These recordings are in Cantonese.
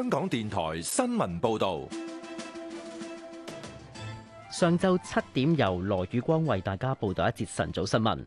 香港電台新聞報道：上晝七點，由羅宇光為大家報道一節晨早新聞。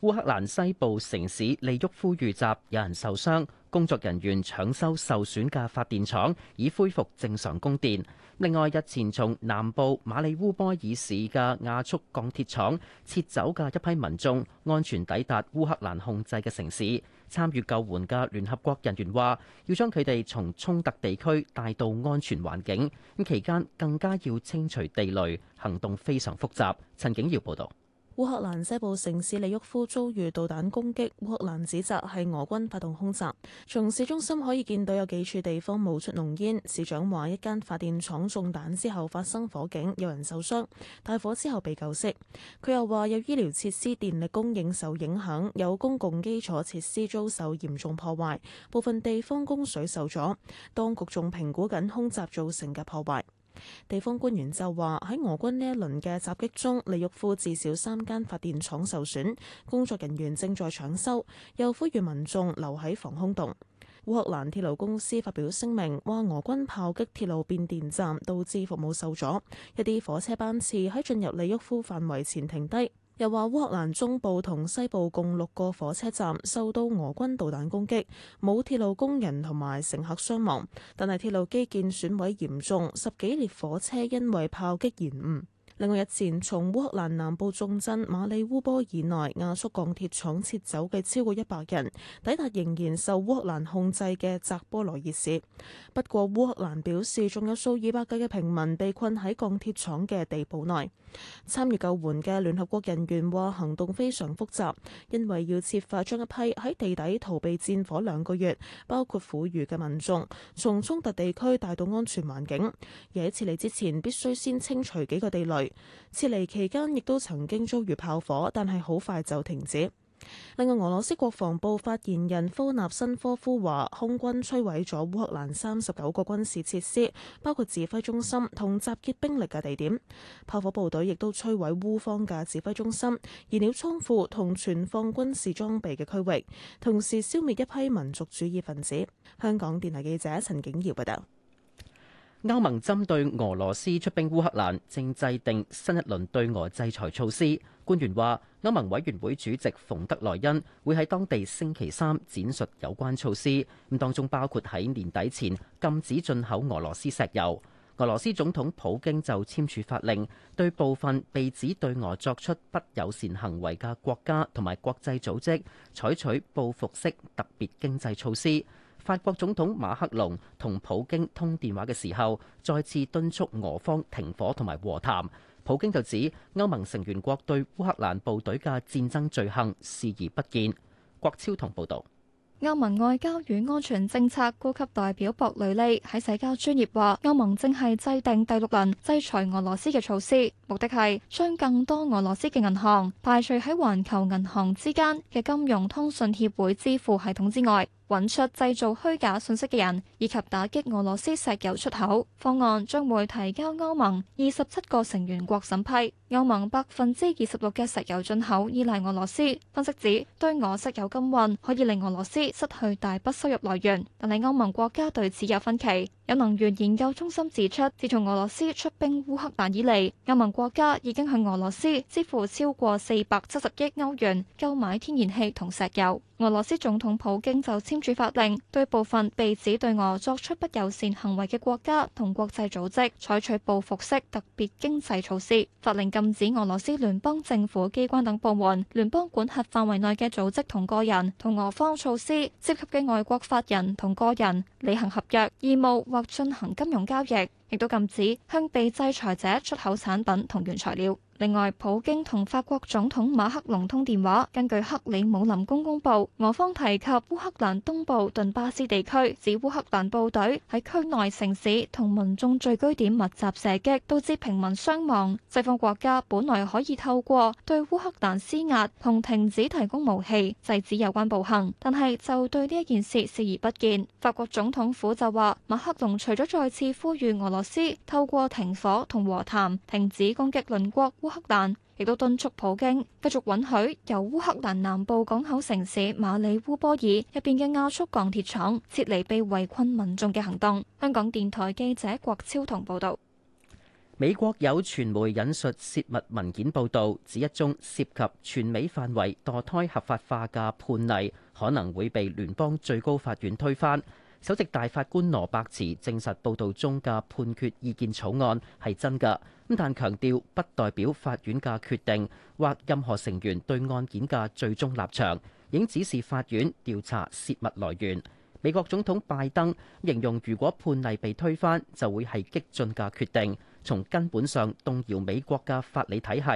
烏克蘭西部城市利沃夫遇襲，有人受傷，工作人員搶修受損嘅發電廠，已恢復正常供電。另外，日前從南部馬里烏波爾市嘅亞速鋼鐵廠撤走嘅一批民眾，安全抵達烏克蘭控制嘅城市。參與救援嘅聯合國人員話：要將佢哋從衝突地區帶到安全環境，咁期間更加要清除地雷，行動非常複雜。陳景耀報導。烏克蘭西部城市利沃夫遭遇導彈攻擊，烏克蘭指責係俄軍發動空襲。從市中心可以見到有幾處地方冒出濃煙。市長話一間發電廠中彈之後發生火警，有人受傷，大火之後被救熄。佢又話有醫療設施電力供應受影響，有公共基礎設施遭受嚴重破壞，部分地方供水受阻。當局仲評估緊空襲造成嘅破壞。地方官員就話喺俄軍呢一輪嘅襲擊中，利沃夫至少三間發電廠受損，工作人員正在搶修，又呼籲民眾留喺防空洞。烏克蘭鐵路公司發表聲明話，俄軍炮擊鐵路變電站，導致服務受阻，一啲火車班次喺進入利沃夫範圍前停低。又話，烏克蘭中部同西部共六個火車站受到俄軍導彈攻擊，冇鐵路工人同埋乘客傷亡，但係鐵路基建損毀嚴重，十幾列火車因為炮擊延誤。另外日前，從烏克蘭南部重鎮馬里烏波爾內亞速鋼鐵廠撤走嘅超過一百人，抵達仍然受烏克蘭控制嘅扎波羅熱市。不過烏克蘭表示，仲有數以百計嘅平民被困喺鋼鐵廠嘅地堡內。參與救援嘅聯合國人員話，行動非常複雜，因為要設法將一批喺地底逃避戰火兩個月，包括婦孺嘅民眾，從衝突地區帶到安全環境。而喺撤離之前，必須先清除幾個地雷。撤離期間亦都曾經遭遇炮火，但係好快就停止。另外，俄羅斯國防部發言人科納申科夫話，空軍摧毀咗烏克蘭三十九個軍事設施，包括指揮中心同集結兵力嘅地點。炮火部隊亦都摧毀烏方嘅指揮中心、燃料倉庫同存放軍事裝備嘅區域，同時消滅一批民族主義分子。香港電台記者陳景堯報道。歐盟針對俄羅斯出兵烏克蘭，正制定新一輪對俄制裁措施。官員話，歐盟委員會主席馮德萊恩會喺當地星期三展述有關措施。咁當中包括喺年底前禁止進口俄羅斯石油。俄羅斯總統普京就簽署法令，對部分被指對俄作出不友善行為嘅國家同埋國際組織採取報復式特別經濟措施。法國總統馬克龍同普京通電話嘅時候，再次敦促俄方停火同埋和談。普京就指，歐盟成員國對烏克蘭部隊嘅戰爭罪行視而不見。郭超同報道。歐盟外交與安全政策高級代表博雷利喺社交專業話，歐盟正係制定第六輪制裁俄羅斯嘅措施，目的係將更多俄羅斯嘅銀行排除喺環球銀行之間嘅金融通訊協會支付系統之外。揾出製造虛假信息嘅人，以及打擊俄羅斯石油出口方案，將會提交歐盟二十七個成員國審批。歐盟百分之二十六嘅石油進口依賴俄羅斯，分析指對俄石油禁運可以令俄羅斯失去大筆收入來源，但係歐盟國家對此有分歧。有能源研究中心指出，自從俄羅斯出兵烏克蘭以嚟，歐盟國家已經向俄羅斯支付超過四百七十億歐元購買天然氣同石油。俄羅斯總統普京就簽署法令，對部分被指對俄作出不友善行為嘅國家同國際組織採取報復式特別經濟措施。法令禁止俄羅斯聯邦政府機關等部門、聯邦管轄範圍內嘅組織同個人，同俄方措施涉及嘅外國法人同個人履行合約義務。或進行金融交易，亦都禁止向被制裁者出口產品同原材料。另外，普京同法國總統馬克龍通電話。根據《克里姆林宮公報》，俄方提及烏克蘭東部頓巴斯地區，指烏克蘭部隊喺區內城市同民眾聚居點密集射擊，導致平民傷亡。西方國家本來可以透過對烏克蘭施壓同停止提供武器，制止有關暴行，但係就對呢一件事視而不見。法國總統府就話，馬克龍除咗再次呼籲俄羅斯透過停火同和談，停止攻擊鄰國。烏克蘭亦都敦促普京繼續允許由烏克蘭南部港口城市馬里烏波爾入面嘅亞速鋼鐵廠撤離被圍困民眾嘅行動。香港電台記者郭超棠報導。美國有傳媒引述泄密文件報導，指一宗涉及全美範圍墮胎合法化嘅判例可能會被聯邦最高法院推翻。首席大法官羅伯茨證實報導中嘅判決意見草案係真㗎，但強調不代表法院嘅決定或任何成員對案件嘅最終立場，已經指示法院調查泄密來源。美國總統拜登形容，如果判例被推翻，就會係激進嘅決定，從根本上動搖美國嘅法理體系。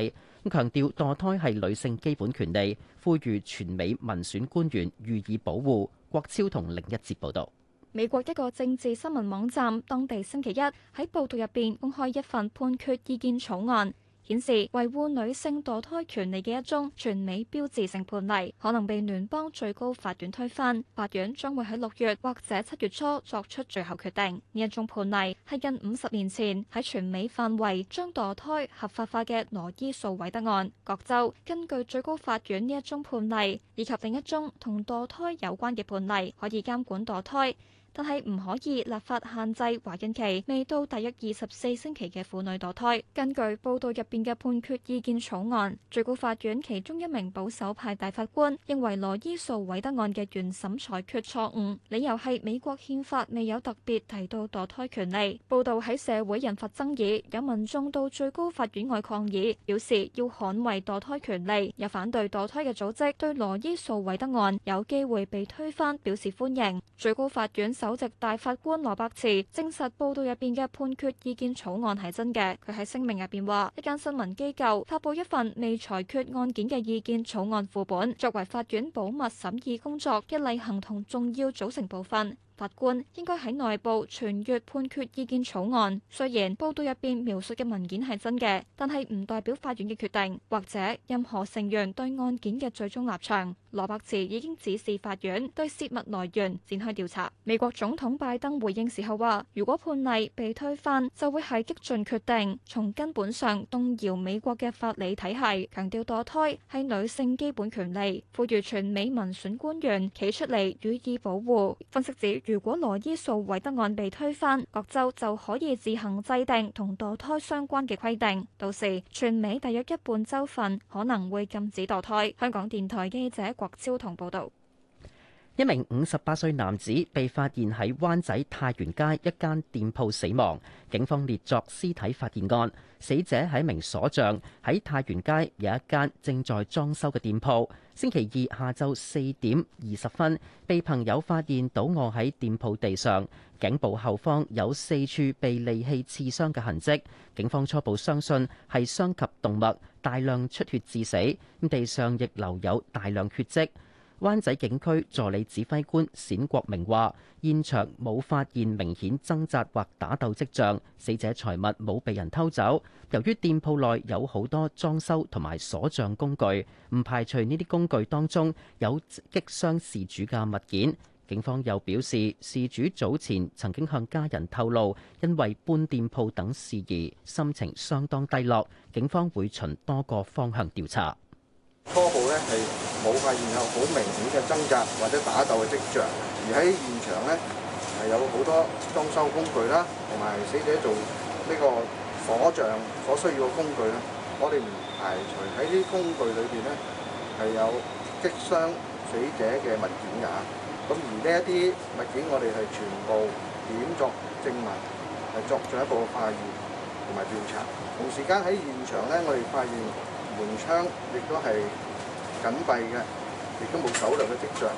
咁強調墮胎係女性基本權利，呼籲全美民選官員予以保護。郭超同另一節報導。美國一個政治新聞網站當地星期一喺報道入邊公開一份判決意見草案，顯示維護女性墮胎權利嘅一宗全美標誌性判例可能被聯邦最高法院推翻。法院將會喺六月或者七月初作出最後決定。呢一宗判例係近五十年前喺全美範圍將墮胎合法化嘅羅伊訴維德案。各州根據最高法院呢一宗判例以及另一宗同墮胎有關嘅判例，可以監管墮胎。但係唔可以立法限制懷孕期未到大約二十四星期嘅婦女墮胎。根據報道入邊嘅判決意見草案，最高法院其中一名保守派大法官認為羅伊訴韋德案嘅原審裁決錯誤，理由係美國憲法未有特別提到墮胎權利。報道喺社會引發爭議，有民眾到最高法院外抗議，表示要捍衛墮胎權利。有反對墮胎嘅組織對羅伊訴韋德案有機會被推翻表示歡迎。最高法院受。首席大法官羅伯茨證實報道入邊嘅判決意見草案係真嘅。佢喺聲明入邊話：一間新聞機構發佈一份未裁決案件嘅意見草案副本，作為法院保密審議工作一例行同重要組成部分。法官應該喺內部傳閱判決意見草案。雖然報道入邊描述嘅文件係真嘅，但係唔代表法院嘅決定或者任何成員對案件嘅最終立場。羅伯茨已經指示法院對泄密來源展開調查。美國總統拜登回應時候話：如果判例被推翻，就會係激進決定，從根本上動搖美國嘅法理體系。強調墮胎係女性基本權利，賦予全美民選官員企出嚟予以保護。分析指，如果羅伊訴韋德案被推翻，各州就可以自行制定同墮胎相關嘅規定。到時全美大約一半州份可能會禁止墮胎。香港電台記者郭超彤報導。一名五十八歲男子被發現喺灣仔太原街一間店鋪死亡，警方列作屍體發現案。死者係一名鎖匠，喺太原街有一間正在裝修嘅店鋪。星期二下晝四點二十分，被朋友發現倒卧喺店鋪地上，頸部後方有四處被利器刺傷嘅痕跡。警方初步相信係傷及動脈，大量出血致死，地上亦留有大量血跡。灣仔警區助理指揮官冼國明話：現場冇發現明顯掙扎或打鬥跡象，死者財物冇被人偷走。由於店鋪內有好多裝修同埋鎖匠工具，唔排除呢啲工具當中有擊傷事主嘅物件。警方又表示，事主早前曾經向家人透露，因為搬店鋪等事宜，心情相當低落。警方會循多個方向調查。初步咧係冇發現有好明顯嘅掙扎或者打鬥嘅跡象，而喺現場咧係有好多裝修工具啦，同埋死者做呢個火葬所需要嘅工具啦。我哋唔排除喺啲工具裏邊咧係有擊傷死者嘅物件啊。咁而呢一啲物件我哋係全部點作證物，係作進一步嘅發現同埋調查。同時間喺現場咧，我哋發現。門窗亦都係緊閉嘅，亦都冇走嚟嘅跡象。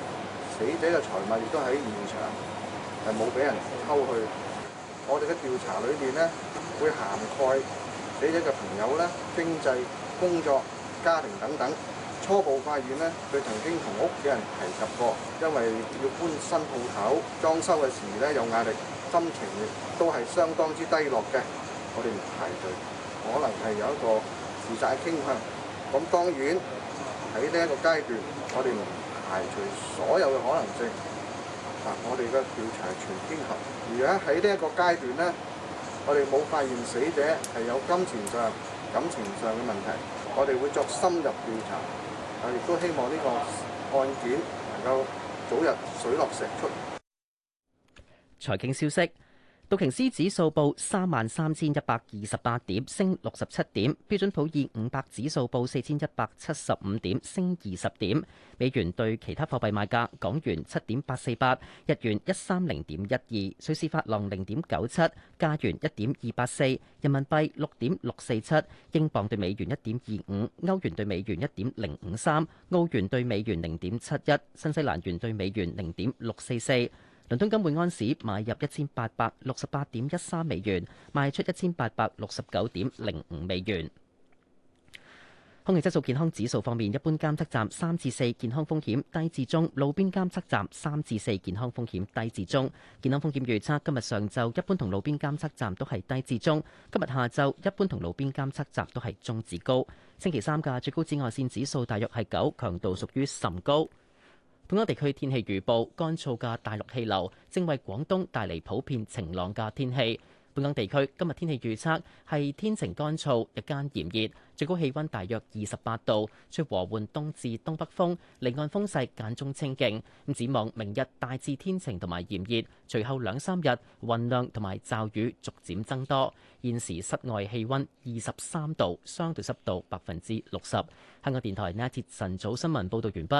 死者嘅財物亦都喺現場，係冇俾人偷去。我哋嘅調查裏邊咧，會涵蓋死者嘅朋友咧、經濟、工作、家庭等等。初步發現咧，佢曾經同屋企人提及過，因為要搬新鋪頭、裝修嘅時候咧，有壓力，心情亦都係相當之低落嘅。我哋唔排除可能係有一個住曬傾向，咁當然喺呢一個階段，我哋唔排除所有嘅可能性。啊，我哋嘅調查係全天候。而家喺呢一個階段呢，我哋冇發現死者係有金錢上、感情上嘅問題，我哋會作深入調查。啊，亦都希望呢個案件能夠早日水落石出。財經消息。道瓊斯指數報三萬三千一百二十八點，升六十七點；標準普爾五百指數報四千一百七十五點，升二十點。美元對其他貨幣賣價：港元七點八四八，日元一三零點一二，瑞士法郎零點九七，加元一點二八四，人民幣六點六四七，英鎊對美元一點二五，歐元對美元一點零五三，澳元對美元零點七一，新西蘭元對美元零點六四四。倫敦金會安市買入一千八百六十八點一三美元，賣出一千八百六十九點零五美元。空氣質素健康指數方面，一般監測站三至四健康風險低至中，路邊監測站三至四健康風險低至中。健康風險預測今日上晝一般同路邊監測站都係低至中，今日下晝一般同路邊監測站都係中至高。星期三嘅最高紫外線指數大約係九，強度屬於甚高。本港地區天氣預報，乾燥嘅大陸氣流正為廣東帶嚟普遍晴朗嘅天氣。本港地區今日天氣預測係天晴乾燥，日間炎熱，最高氣溫大約二十八度，吹和緩東至東北風，離岸風勢間中清勁，咁展望明日大致天晴同埋炎熱，隨後兩三日雲量同埋驟雨逐漸增多。現時室外氣溫二十三度，相對濕度百分之六十。香港電台呢一節晨早新聞報道完畢。